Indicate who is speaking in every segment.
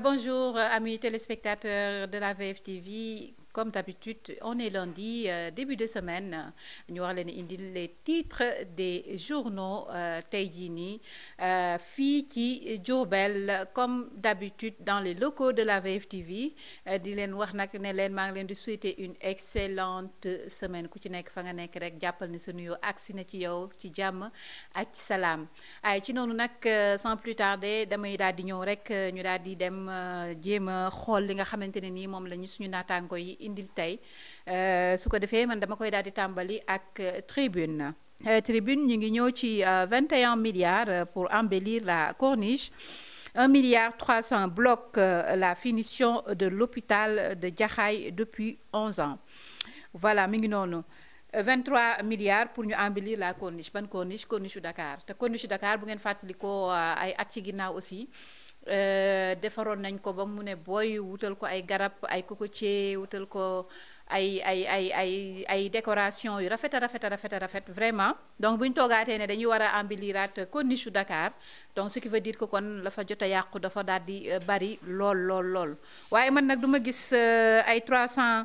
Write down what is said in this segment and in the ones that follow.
Speaker 1: bonjour, à euh, amis téléspectateurs de la VFTV comme d'habitude on est lundi euh, début de semaine ñu war leen les titres des journaux euh, tey jii nii euh, ci comme d'habitude dans les locaux de la VFTV di leen wax nag ne leen maa leen di souhaiter une excellente semaine ku ci nekk fa nga rek jàppal ni sa axine agsi na ci yow ci jàmm ay ci sans plus tarder damay daal di ñëw rek ñu di dem jéem a xool li nga xamante ne suñu yi indil tay euh, su ko defee man dama koy daal di tàmbali ak euh, tribune euh, tribune ñu ngi ñëw ci 21 milliards pour embellir la corniche 1 milliard 300 bloque la finition de l'hôpital de Diakhaï depuis 11 ans voilà nous ngi 23 milliards pour ñu embellir la corniche ban corniche corniche Dakar te corniche Dakar bu ngeen ko ay at ci aussi euh, defaroon nañ ko ba mu ne booy wutal ko ay garab ay cocotier wutal ko ay ay ay ay ay décoration yu rafet a rafet a rafet rafet vraiment donc buñ ñu né ne dañuy war a embelliraat Dakar donc ce qui veut dire que kon la fa jotta a dafa daldi euh, bari lol lol lol waye man nak duma gis euh, ay 300.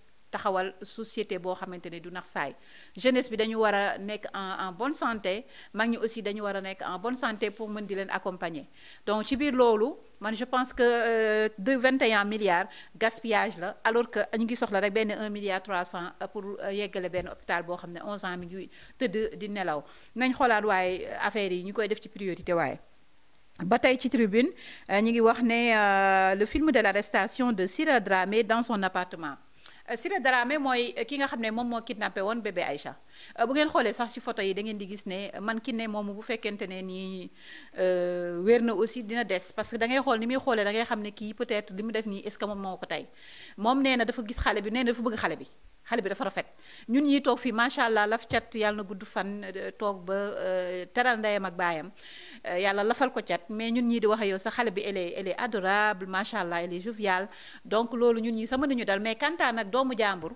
Speaker 1: taxawal société boo xamante ne du nax saay jeunesse bi dañu war a nekk en en bonne santé mag ñi aussi dañu war a nekk en bonne santé pour mën di leen accompagner donc ci biir loolu man je pense que euh, de 21 milliards gaspillage la alors que ñu ngi soxla rek benn 1 milliard 300 euh, pour euh, yeggale benn hôpital boo xam ne 11 ans mi ngi tëdd di nelaw nañ xoolaat waaye affaire yi ñu koy def ci priorité waaye. ba tey ci tribune ñu ngi wax ne le film de l'arrestation de Sira Dramé dans son appartement. Siré Darame mooy ki nga xam ne moom moo kidnappé woon bébé Aïcha bu ngeen xoolee sax ci photo yi da ngeen di gis ne man ki ne moomu bu fekkente ne ni wér na aussi dina des parce que da ngay xool ni muy xoolee da ngay xam ne kii peut-être li mu def nii est-ce que moom moo ko tey moom nee na dafa gis xale bi nee na dafa bëgg xale bi xale bi dafa rafet ñun ñi toog fii macha allah laf cat yàlla na gudd fan eh, toog ba eh, teral ndeyam ak baayam eh, yàlla lafal ko cat mais ñun ñii di wax yow sa xale bi elle est elle adorable macha allah elle est joviale donc loolu ñun ñi sama nañu dal mais kantaan nag doomu jàmbur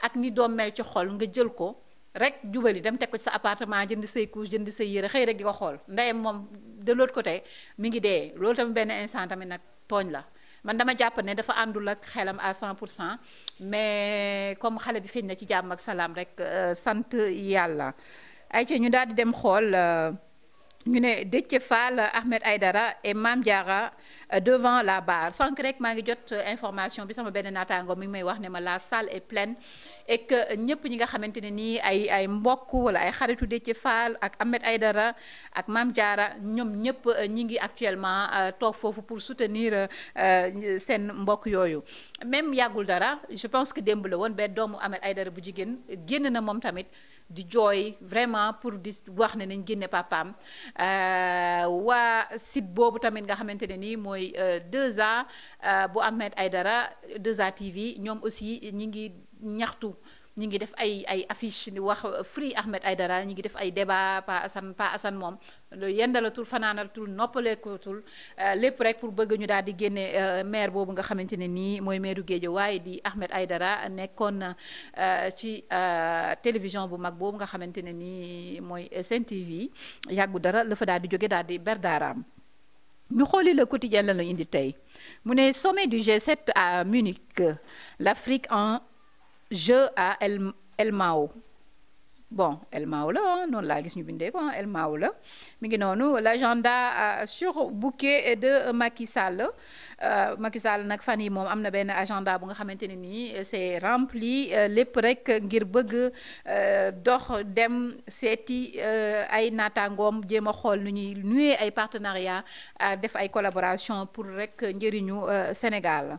Speaker 1: ak ni doom mel ci xol nga jël ko rek yi dem teg ko ci sa appartement jënd say couche jënd say yére xëy rek di ko xool ndeyam moom de l'autre côté mi ngi dee loolu tamit benn instant tamit nag tooñ la man dama jàpp ne dafa àndul ak xelam à 100 mais comme xale bi feeñ na ci jàmm ak salam rek sante yàlla ay ci ñu daal di dem xool. ñu ne Déthié Fall Ahmed Aïdara et mam diara euh, devant la barre Sans rek maa ngi jot euh, information bi sama benn naataango mi ngi may wax ne ma la salle est pleine et que ñëpp ñi nga xamante ne nii ay ay mbokk wala ay xaritu Déthié Fall ak Ahmed Aïdara ak mam diara ñoom ñëpp euh, ñi ngi actuellement toog foofu pour soutenir seen mbokk yooyu même yàggul dara je pense que démb la woon doomu Ahmed Aïdara bu jigéen génn na moom tamit di jooy vraiment pour di wax ne nañ génne papaam euh, waa site boobu tamit nga xamante ne nii mooy 2A euh, euh, bu ay dara 2A TV ñoom aussi ñi ngi ñaxtu ñi ngi def ay ay affiche ni wax euh, Free Ahmed Aidara ñi ngi def ay débat Pa Assane Pa Assane moom yendalatul fananalatul noppaleekutul euh, lépp rek pour bëgg ñu daal di génne euh, maire boobu nga xamante ni nii mooy maire Guédiawaye di Ahmed Aidara nekkoon ci télévision bu mag boobu nga xamante ni nii mooy Sen TV yàggu dara la fa daal di jóge daal di berdaaraam ñu xooli le quotidien la la indi tey mu ne sommet du G7 à Munich l'Afrique en je à El bon El Mao là, hein, noonu gis ñu ko hein, El Mao là. l'agenda euh, sur bouquet de Macky Euh, Macky Sall nag fan yi moom am na benn agenda bu nga xamante ne nii euh, c'est rempli euh, lépp rek ngir bëgg dox dem seeti ay naataangoom jéem a xool nu ñuy nuyee ay partenariat def ay collaboration pour rek njëriñu Sénégal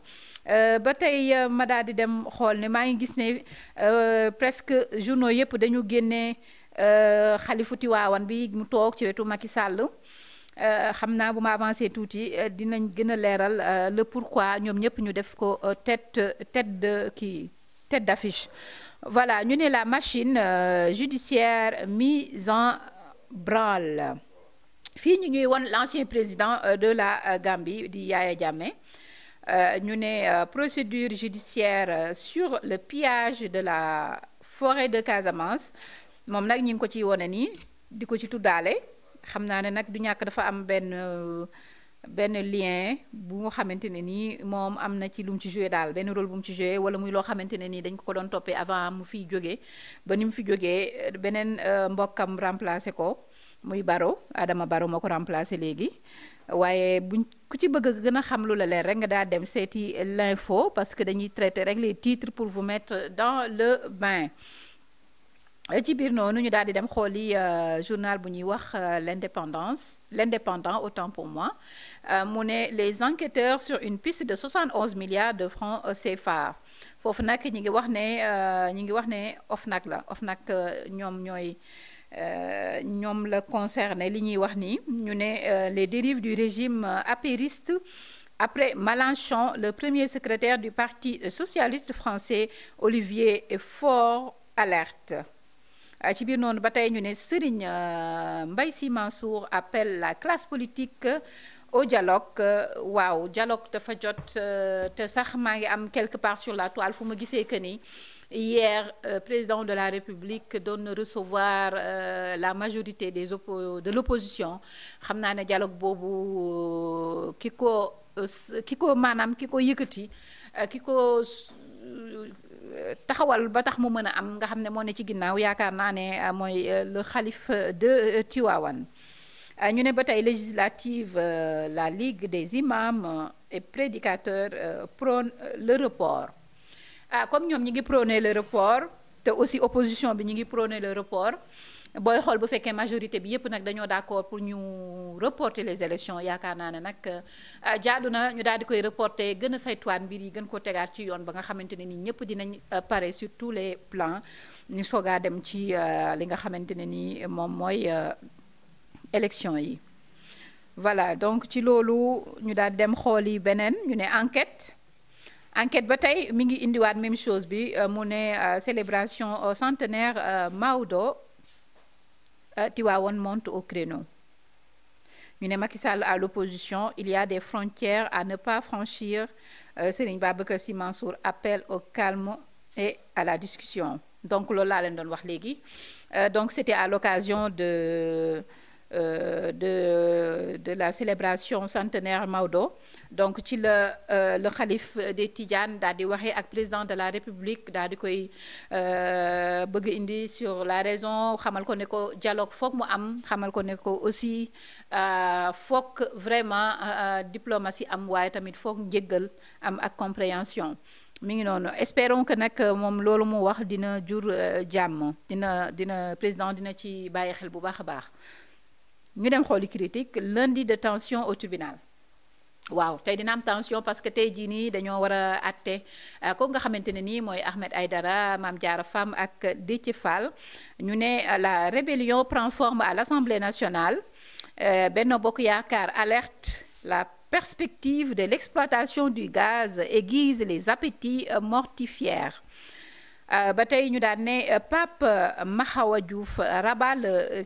Speaker 1: ba tey ma daal di dem xool ne maa ngi gis ne presque journaux yëpp dañu génne xalifu Tiwaawan bi mu toog ci wetu Macky Sall Euh, xam naa bu ma tout tuuti euh, dinañ euh, le pourquoi nous ñëpp ñu def ko tête tête de qui tête d'affiche voilà ñu sommes la machine judiciaire mise en branle fi ñu ngi l'ancien président de la Gambie di Yaya nous ñu né procédure judiciaire sur le pillage de la forêt de Casamance Nous sommes ñing ko ci woné ni di ci xam naa ne nag du ñàkk dafa am euh, lien bu nga xamante ne moom ci lu mu ci rôle bu mu ci joué wala muy avant mu fiy jógee ba ni fi jógee euh, beneen euh, mbokkam remplacé ko muy Baro Adama Baro remplacé léegi buñ ku ci bëgg gën xam lu la rek nga dem l'info parce que dañuy traiter rek les titres pour vous mettre dans le bain ci biir noonu ñu euh, journal euh, l'indépendance l'indépendant autant pour moi euh, mu les enquêteurs sur une piste de 71 milliards de francs CFA foofu nag ñi ngi wax ne ngi concerné les dérives du régime apériste Après Malenchon, le premier secrétaire du Parti socialiste français, Olivier fort alerte. Euh, ci biir noonu ba tey ñu ne Serigne euh, Mbaye Mansour appelle la classe politique euh, au dialogue waaw dialogue de jot te sax maa ngi am quelque part sur la toile fu ma gisee que ni hier président de la République donne recevoir la majorité des de l'opposition xam naa dialogue boobu kiko kiko ki ko maanaam ki ko taxawal ba tax mu mën a am nga xam ne moo ne ci ginnaaw yaakaar naa ne euh, euh, le xalif de euh, tiwawan ñu ne ba tey législative la Ligue des imams et prédicateurs prône le report ah, comme ñoom ñi ngi le report te aussi opposition bi ñi ngi le report boy xool bu fekkee majorité bi yépp nag dañoo d'accord pour ñu reporter les élections yaakaar naa ne nag euh, jaadu na ñu daal di koy reporter gën a saytuwaat mbir yi gën ko tegaat ci yoon ba nga xamante ne ni ñëpp dinañ euh, pare sur tous les plans ñu soogaa dem ci euh, li nga xamante ne ni moom mooy élection yi voilà donc ci loolu ñu daal dem xool yi beneen ñu ne enquête enquête ba tey mi ngi indiwaat même chose bi mu ne célébration centenaire maudo un euh, monte au créneau. Ñu ne à l'opposition il y a des frontières à ne pas franchir C'est euh, Babacar Sy Mansour appelle au calme et à la discussion donc euh, donc c'était à l'occasion de euh, de de la célébration centenaire Maudo. donc ci la euh, le xalif de Tidiane daal di waxee ak président de la République daal di koy euh, bëgg indi sur la raison Khamal ko ne dialogue foog mu am xamal ko ne ko aussi foog vraiment diplomatie am waaye tamit foog njéggal am ak compréhension mi ngi espérons que nak mom lolu mu wax dina jour jam dina dina président dina ci baye xel bu baax a baax nous dem xooli critique lundi de tension au tribunal waaw tu dina am tension parce que tu es nii dañoo war a àtte euh, kooku nga xamante ne nii Ahmed Aydara, Mame femme Fam ak Déthié Fall ne euh, la rébellion prend forme à l'Assemblée nationale euh, Benno Bokk car alerte la perspective de l'exploitation du gaz aiguise les appétits mortifères ba tey ñu daan ne Pape Mahawadjouf rabal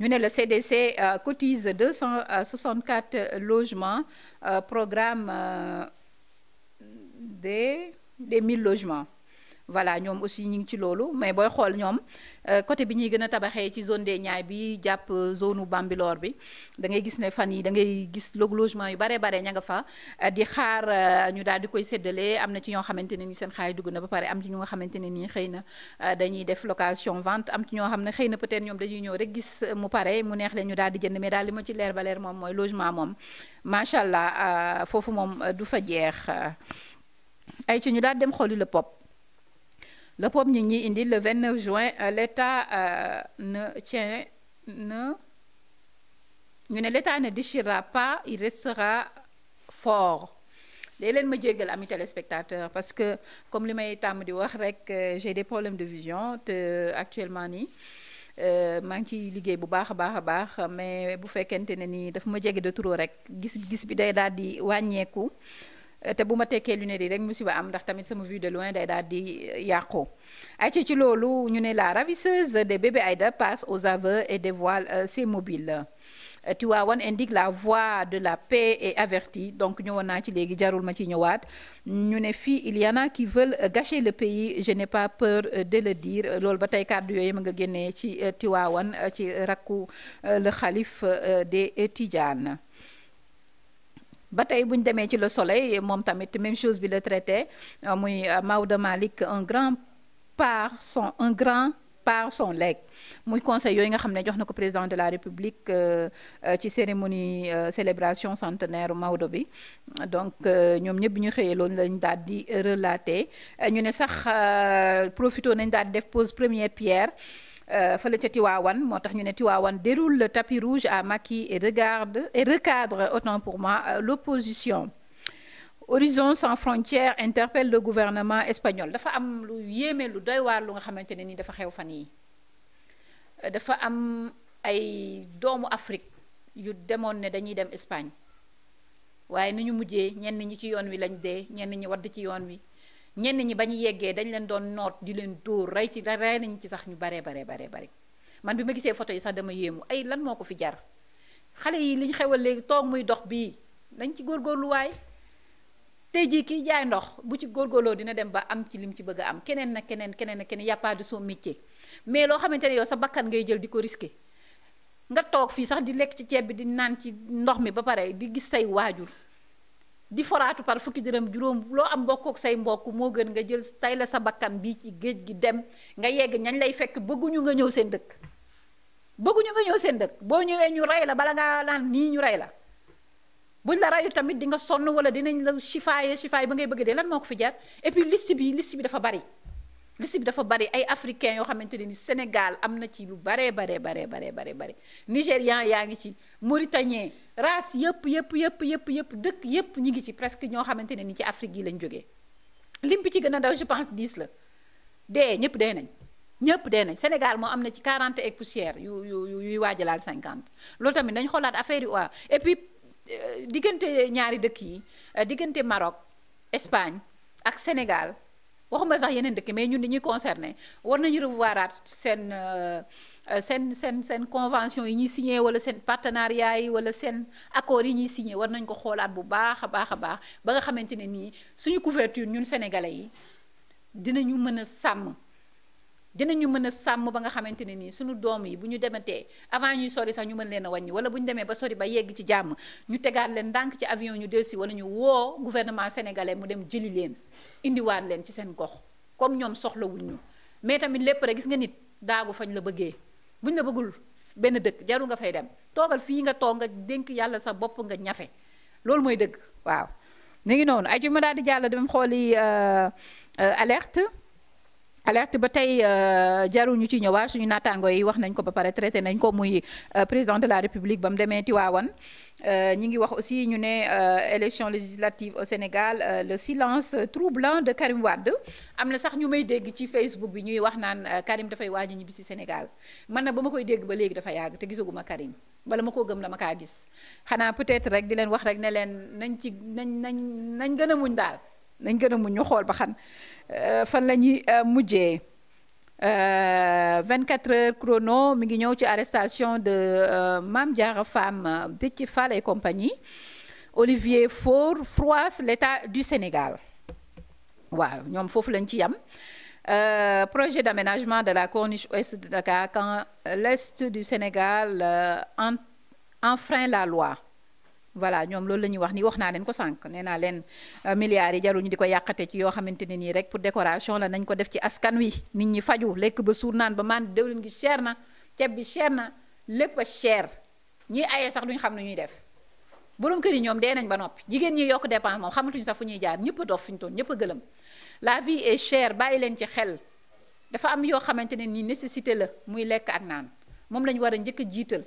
Speaker 1: le CDC euh, cotise 264 euh, logements euh, programme des des 1000 logements voilà ñoom aussi ñu ngi ci loolu mais booy xool ñoom euh, côté bi ñuy gën a tabaxee ci zone des ñaay bi jàpp euh, zone u Bambilor bi dangay gis ne fan yi da ngay gis logement yu bare bare ña nga fa euh, di xaar ñu daal di koy séddale am na ci ñoo xamante ne ni seen xaay dugg na ba pare am ci ñu nga xamante ne nii xëy na dañuy def location vente am ci ñoo xam ne xëy na peut ñoom dañuy ñëw rek gis mu pare mu neex leen ñu daal di jënd mais daal li ma ci leer ba leer moom mooy logement moom macha allah foofu moom du fa jeex ay ci ñu daal dem xooli le pop Le pauvre Nini indi le 29 juin, euh, l'État euh, ne tient, ne, l'État ne déchirera pas, il restera fort. day leen ma jéggal ami téléspectateur parce que comme le may tàmm di wax rek euh, j'ai des problèmes de vision te actuellement nii euh, maa ngi ciy liggéey bu baax a baax a baax mais bu fekkente dis que ma jege de trop rek gis gis bi day daal di te buma téké lunette yi rek musiba am ndax tamit sama vue de loin day daal di euh, yàqoo ay ci ci loolu ñu ne la ravisseuse de bébé Aïda passe aux aveux et dévoile euh, ses mobiles euh, Tivaouane indique la voie de la paix et avertit donc nous naa ci léegi jarul ma ci ñëwaat ñu ne fii il y en a qui veulent gâcher le pays je n'ai pas peur de le dire loolu ba tey kàddu yooyu ma nga ci ci le calife des Tidianes ba tey buñ ñu demee ci le soleil moom tamit même chose bi le traité euh, muy euh, Maodo malik un grand par son un grand par son legs muy conseil yooyu nga xam ne jox na ko président de la république euh, ci cérémonie célébration centenaire Maodo bi donc ñoom ñëpp ñu xëyee loolu lañ daal di relaté ñu ne sax profito nañ daal def pose première pierre. Euh, fële ca Tiwaawan moo tax ñu ne Tiwaawan déroule le tapis rouge à Macky et regarde et recadre autant pour moi euh, l'opposition Horizon sans frontières interpelle le gouvernement espagnol dafa am lu yéeme lu doy waar lu nga xamante ne ni dafa xew fan yi euh, dafa am ay doomu Afrique yu demoon ne dañuy dem Espagne waaye ni ñu mujjee ñenn ñi ci yoon wi lañ dee ñenn ñi wadd ci yoon wi ñenn ñi ba ñu yeggee dañ leen doon noot di leen dóor rey ci rey nañ ci sax ñu baree baree baree bari man bi ma gisee photo yi sax dama yéemu ay lan moo ko fi jar xale yi liñ xewal léegi toog muy dox bii dañ ci góorgóorlu waay tey jii kiy jaay ndox bu ci góor góorgóorloo dina dem ba am ci lim ci bëgg am keneen na keneen keneen na keneen y a pas de mais loo xamante ne yow sa bakkan ngay jël di ko risqué nga toog fii sax di lekk ci ceeb bi di naan ci ndox mi ba pare di gis say waajur di foraatu par fukki jërëm juróom loo am mbokk ak say mbokk moo gën nga jël tey la sa bakkan bii ci géej gi dem nga yegg ñañ lay fekk bëgguñu nga ñëw seen dëkk bëgguñu nga ñëw seen dëkk boo ñëwee ñu rey la bala ngaa naan nii ñu rey la buñ la rayu tamit di nga sonn wala dinañ la chifaaye chifaay ba ngay bëgg dee lan moo ko fi jar et puis liste bi liste bi dafa bari liste dafa bari ay africains yoo xamante ne ni Sénégal am na ci lu baree baree baree baree baree baree Nigérian yaa ngi ci Mauritanien race yëpp yëpp yëpp yëpp yëpp dëkk yëpp ñu ngi ci presque ñoo xamante ne ni ci Afrique yi lañ jógee lim bi ci gën a daw je pense 10 la dee ñëpp dee nañ ñëpp dee nañ Sénégal moo am na ci 40 et poussière yu yu yuy waajalaal cinquante loolu tamit dañ xoolaat affaire yu waa et puis euh, diggante ñaari dëkk yi euh, diggante Maroc Espagne ak Sénégal. waxuma sax yeneen dëkk mais ñun dañuy concerné war nañu revoiraat seen euh, euh, seen seen seen convention yi ñuy signé wala seen partenariat yi wala seen accord yi ñuy signé war nañ ko xoolaat bu baax a baax a baax ba nga xamante ne nii suñu couverture ñun sénégalais yi dinañu mën a sàmm dinañu mën a sàmm ba nga xamante ne nii suñu doom yi bu ñu dematee avant ñuy sori sax ñu mën leen a wàññi wala bu ñu demee ba sori ba yegg ci jàmm ñu tegaat leen ndànk ci avion ñu delsi wala ñu woo gouvernement sénégalais mu dem jëli leen indiwaat leen ci seen gox comme ñoom soxlawul ñu mais tamit lépp rek gis nga nit daagu fañ la bëggee bu buñ la bëggul benn dëkk jaru nga fay dem toogal fii nga toog nga dénk yàlla sa bopp nga ñafe loolu mooy dëgg waaw ni ngi noonu ay ma daal di jàll dem xooli euh, euh, alerte alerte ba tey euh, jaruñu ci ñëwaat suñu naataango yi wax nañ ko ba pare traité nañ ko muy euh, président de la république ba mu demee Tiwaawan euh, ñi ngi wax aussi ñu ne élection législative au Sénégal le silence troublant de Karim Wade am na sax ñu may dégg ci Facebook bi ñuy wax naan Karim dafay waaj a ñibbi si Sénégal man na ba ma koy dégg ba léegi dafa yàgg te gisaguma Karim bala ma koo gëm na ma kaa gis xanaa peut-être rek di leen wax rek ne leen nañ ci nañ nañ nañ gën a muñ daal. nañ gën a muñ ñu xool ba xam euh, fan la ñuy euh, mujjee 24 euh, heures chrono mi ngi ñëw ci arrestation de Mame Diarra Fam Déthié Fall et compagnie Olivier Faure froisse l'État du Sénégal waaw ñoom foofu lañ ci yam projet d'aménagement de la corniche ouest de Dakar quand l'est du Sénégal enfreint la loi voilà ñoom loolu la ñuy wax ni wax naa leen ko sànq nee naa leen euh, milliards yi jaruñu di ko yàqate ci yoo xamante ne nii rek pour décoration la nañ ko def ci askan wi nit ñi faju lekk ba suur naan ba maan déwlin gi cher na ceeb bi cher na lépp a cher ñiy ayee sax duñ xam nu ñuy def borom kër yi ñoom dee nañ ba noppi jigéen ñi yokk dépense moom xamatuñ sax fu ñuy jaar ñëpp a dof fi ñu toon ñëpp gëlëm la vie est chère bàyyi leen ci xel dafa am yoo xamante ne nii nécessité la muy lekk ak naan moom la ñu war a njëkk a jiital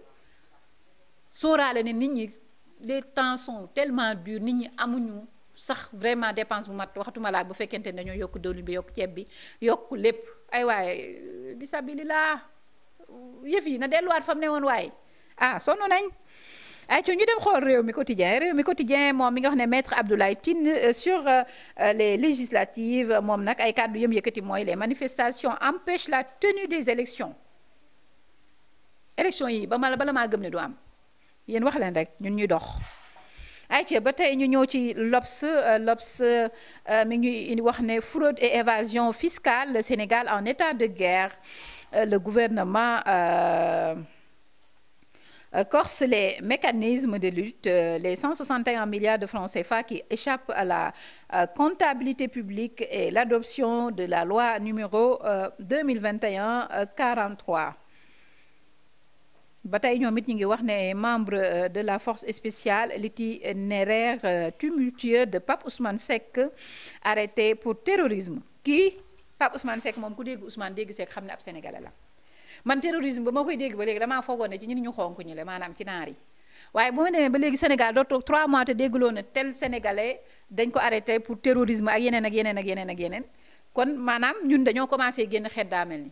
Speaker 1: sóoraale ne nit ñi les temps sont tellement durs nit ñi amuñu sax vraiment dépense bu mat waxtuma la bu fekkente ne yok yokk bi yok ceeb bi yok lepp ay way euh, bisabilillah yef yi na delluwaat wat fam newon way ah sonu nañ ay ci ñu dem xol réew mi quotidien réew mi quotidien mom mi nga xone maître Abdoulaye tin euh, sur euh, les législatives mom nak ay cadre yëm yëkëti moy les manifestations empêchent la tenue des élections élections yi ba mala bala maa gëm ne du am yéen wax leen rek ñun ñuy dox ayca ba tey ñu ñëw ci l'Obs euh, l'Obs euh, mi ngi wax ne fraude et évasion fiscale le Sénégal en état de guerre euh, le gouvernement corse les mécanismes de lutte les 161 milliards de francs CFA qui échappent à la comptabilité publique et l'adoption de la loi numéro 2021 43 ba tey ñoom it ngi wax né membre euh, de la force spéciale liti l'itinéraire euh, tumultueux de Pape Ousmane Seck arrêté pour terrorisme ki Pape Ousmane Seck mom ku dégg Ousmane dégg Seck xamné ab sénégalais la man terrorisme ba ma koy dégg ba légui dama fogoné ci ñun ñu xonku ñu lé manam ci naari waye waaye bu ma demee ba légui Sénégal doo 3 mois té dégg na tel sénégalais dañ ko arrêté pour terrorisme ak yenen ak yenen ak yenen ak yenen kon manam ñun dañoo commencé génn xeet daa mel ni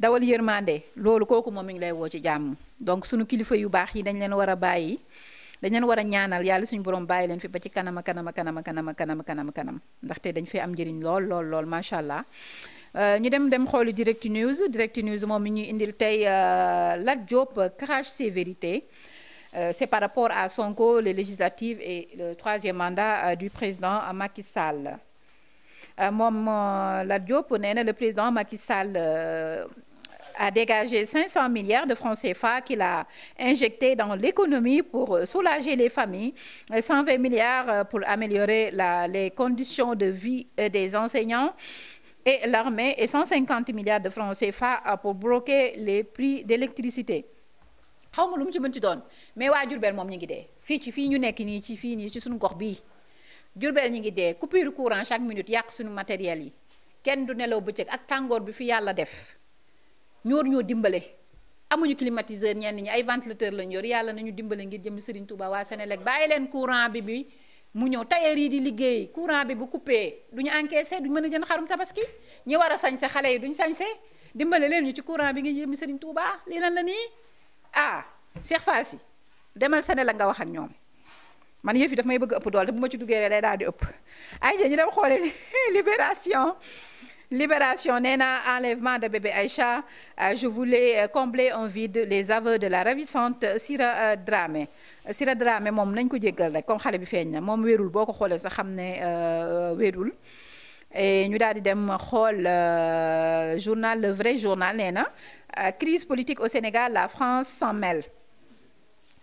Speaker 1: dawal ngi lay donc suñu kilifa yu yi dañ leen dañ ñaanal suñu borom leen fi direct news direct news euh, euh, euh, c'est par rapport à Sonko les législatives et le troisième mandat du président Macky Sall Euh, le président Macky Sall a dégagé 500 milliards de francs CFA qu'il a injectés dans l'économie pour euh, soulager les familles, 120 euh, milliards euh, pour améliorer la, les conditions de vie des enseignants et l'armée et 150 milliards de francs CFA pour bloquer les prix d'électricité. xaw lu mu ci mën doon mais waa Jurbel moom ñu ngi dee fii ci fii ñu nekk nii ci fii nii ci suñu gox bii Jurbel ñu ngi dee coupure courant chaque minute yak suñu matériel yi kenn du nelaw bëccëg ak tangor bi fi yalla def ñoor ñoo dimbale amuñu climatiseur ñenn ñi ay ventilateur lañ yor yàlla nañu dimbale ngir jëmmi Serigne Touba waa Sénélec bàyyi leen courant bi bi mu ñëw tailleur yi di liggéey courant bi bu coupé duñu encaissé duñu mën a jënd xarum tabaski ñi war a sañse xale yi du duñu sañse dimbale leen ñu ci courant bi ngir jëm Serigne Touba lii lan la nii ah Cheikh Fassi demal Sénélec nga wax ak ñoom man yëf yi daf may bëgg ëpp doole bu ma ci duggee day daal di ëpp ay ñu dem xoole libération Libération Nena, enlèvement de bébé Aïcha. Euh, je voulais euh, combler un vide les aveux de la ravissante euh, Sira Dramé. Sira Dramé ko rek comme xalé bi wérul ñu nous journal le vrai journal nena. crise politique au Sénégal la France s'en mêle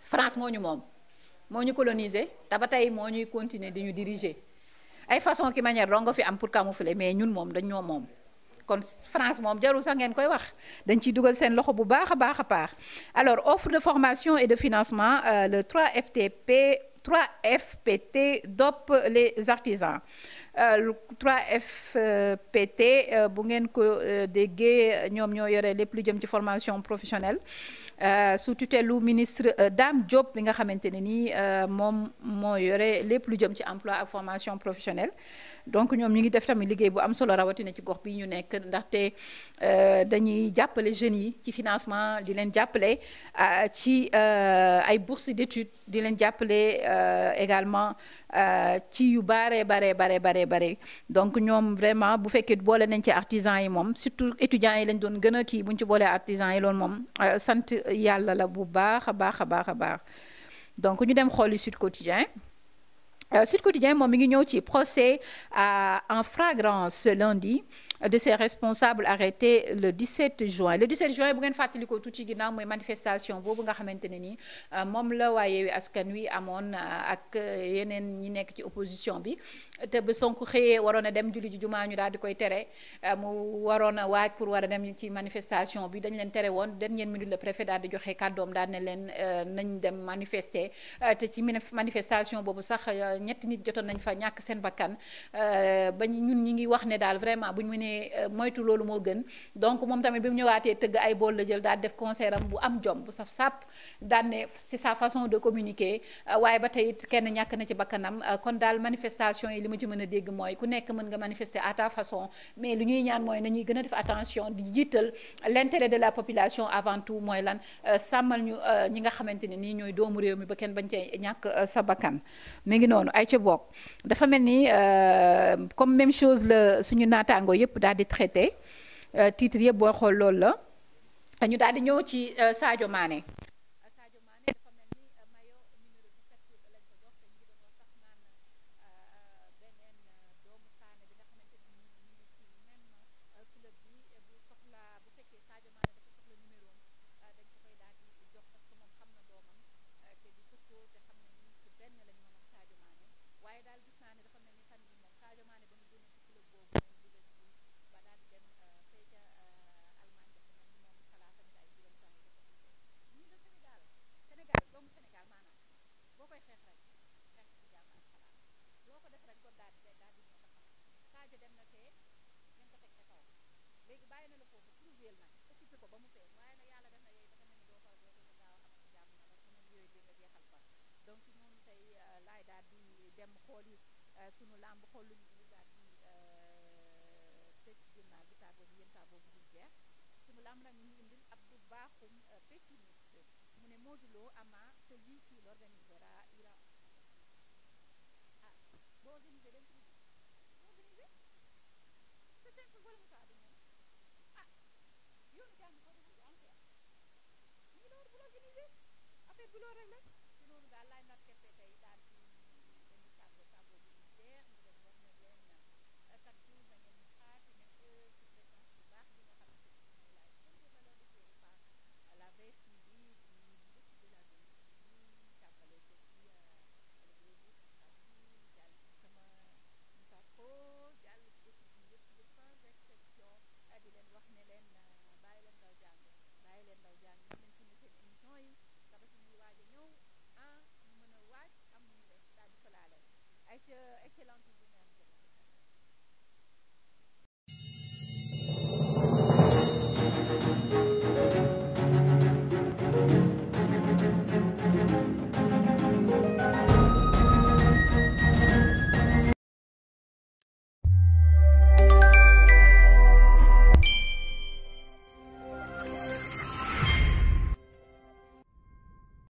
Speaker 1: France moñu mom. Moñu coloniser, Tabatay colonisé continue diriger ay façon ki manière do nga fi am pour camoufler mais ñun moom dañ ñoo moom kon France moom jarul sax ngeen koy wax dañ ci dugal seen loxo bu baax a baax a baax alors offre de formation et de financement euh, le 3FTP 3FPT dope les artisans euh, 3FPT euh, bu ngeen ko euh, déggee ñoom ñoo yore les lu jëm ci formation professionnelle euh, sous tutelle du ministre euh, Dame job bi nga xamante ne plus euh, moom moo yore emploi formation professionnelle donc ñoom ñu ngi def tamit liggéey bu am solo rawatina ci gox bi ñu nekk ndaxte euh, dañuy jàppale jeunes yi ci financement di leen jàppale euh, ci euh, ay bourses d'études di leen jàppale également ci yu bare bare bare bare bare donc ñoom vraiment bu fekkee boole nañ ci artisans yi moom surtout étudiants yi lañ doon gën a kii bu ci boolee artisans yi loolu moom sant yàlla la bu baax a baax a baax a baax donc ñu dem xooli Sud Quotidien le euh, Quotidien, mon mignon, qui procède procès euh, en fragrance ce lundi de ses responsables arrêtés le 17 juin le 17 juin bu ngeen fàttali ko tuuti ginnaaw mooy manifestation boobu nga xamante ne ni euh, moom la waaye askan wi amoon euh, ak euh, yeneen ñi nekk ci opposition bi te ba Sonko xëyee waroon a dem julli ji jumaa ñu daal di koy tere mu waroon a waaj pour war a dem ci manifestation bi dañ leen tere woon dernière minute le préfet daal di joxe kàddoom daal ne leen nañ dem manifester te ci manifestation boobu sax ñetti nit jotoon nañ fa ñàkk seen bakkan ba ñun ñi ngi wax ne daal vraiment bu ñu ne euh, moytu lolou mo gën donc mom tamit bimu mu ñëwaatee tëgg ay bol la jël daal def concert bu am jom bu saf sap daan né c'est sa façon de communiquer euh, waye ba tayit it kenn na ci bakanam euh, kon daal manifestation yi li ci mëna dégg moy ku nekk mën nga manifester à ta façon mais lu ñuy ñaan moy nañuy gëna def attention di jiital l'intérêt de la population avant tout moy lan samal ñu ñi nga xamanteni ne nii doomu réew mi ba kenn bañ ci ñak sa bakan mi ngi ay ci bok dafa mel comme même chose le suñu naataangoo yépp d'aller des traités. Euh, titre la ñu Abdou Bakhoum, euh, pessimiste. Mune Modulo Ama, celui qui l'organisera, ira. Ah, bon, ah, loolu daal laay natt daal